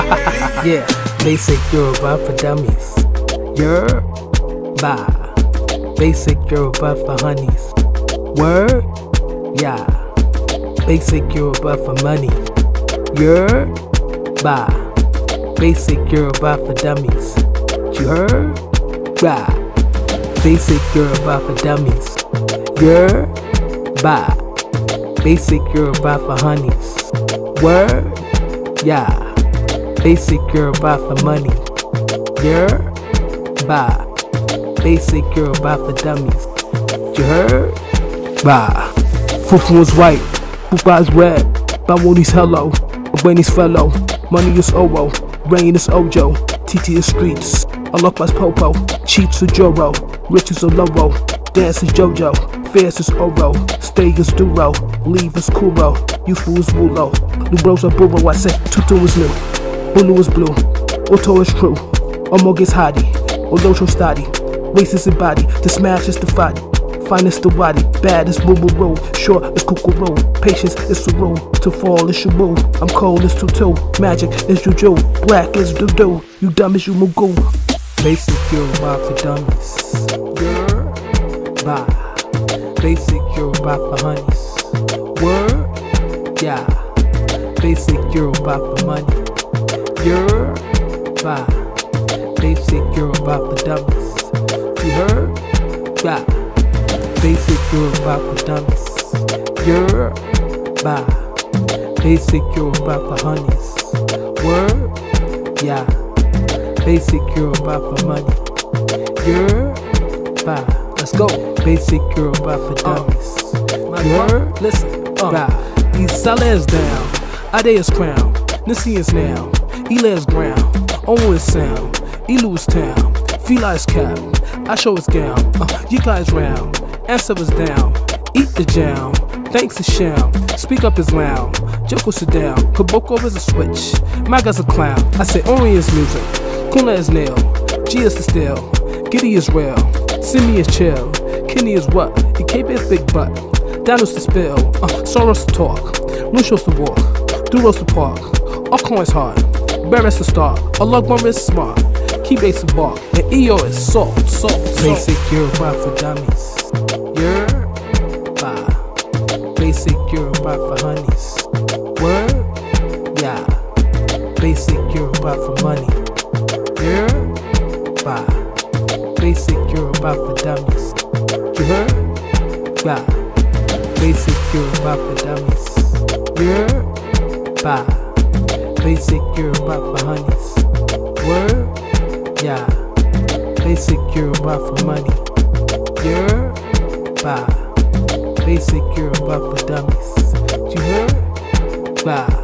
yeah, basic Yoruba for dummies. Yoruba. Basic Yoruba for honeys. Word? Yeah. Basic Yoruba for money. Yoruba. Basic Yoruba for dummies. Yoruba. Basic Yoruba for dummies. Yoruba. Basic Yoruba for honeys. Word? Yeah. Basic girl about the money. Yeah, Bah. Basic girl about the dummies. You heard? Bah. Fufu was white. Fufa is red. Bawoni's hello. Benny's fellow. Money is Owo. Rain is Ojo. TT is streets. Alokwa's Popo. Cheats is Joro. Riches is Lobo. Dance is Jojo. Fierce is Oro. Stay is Duro. Leave is Kuro. Youthful is Wulo. New bros are Buro. I said Tutu is new. Blue is blue, Otto is true, Omog is hardy, Olocho study, waist is the body, the smash is the fight, finest the body, bad is boo boo roll, short is roll, patience is the rule, to fall is your boo, I'm cold is toe, magic is juju, black is doo you dumb as you mugu. Basic Yoruba for dummies, yeah, bye. Basic Yoruba for honeys, word, yeah. Basic Yoruba for money your vibe. Basic, you're about the dumbest. You heard? Yeah. Basic, you're about the dumbest. Your vibe. Basic, you're about the honeys. Word? Yeah. Basic, you're about the money. Your vibe. Let's go. Basic, you're about the dummies. Uh, your, listen. Uh, vibe. These sellers down. Ade is crowned. Nissi is now. Elan's ground, Owen's sound, Elu's town, Feli's cap, I show his gown, uh, guys round, was down, eat the jam, thanks to sham, speak up is loud, Joko sit down, Kaboko is a switch, Maga's a clown, I say Ori is music, Kuna is nail, G is the steel, Giddy is real, Simi is chill, Kenny is what, cape is big butt, Danos to spill, uh, Soros to talk, Mushos to walk, Duros to park, all coins hard. Barris a star, a logmar is smart. Keep a bar, and EO is soft, soft, soft. Basic Yoruba for dummies. Yoruba. Basic Yoruba for honeys. Word? Yeah. Basic Yoruba for money. Yoruba. Basic Yoruba for dummies. You heard? Yeah. Basic Yoruba for dummies. Yoruba. Basic Yoruba for honeys. Word? Yeah. Basic Yoruba for money. Yoruba. Basic Yoruba for dummies. You heard? Bah.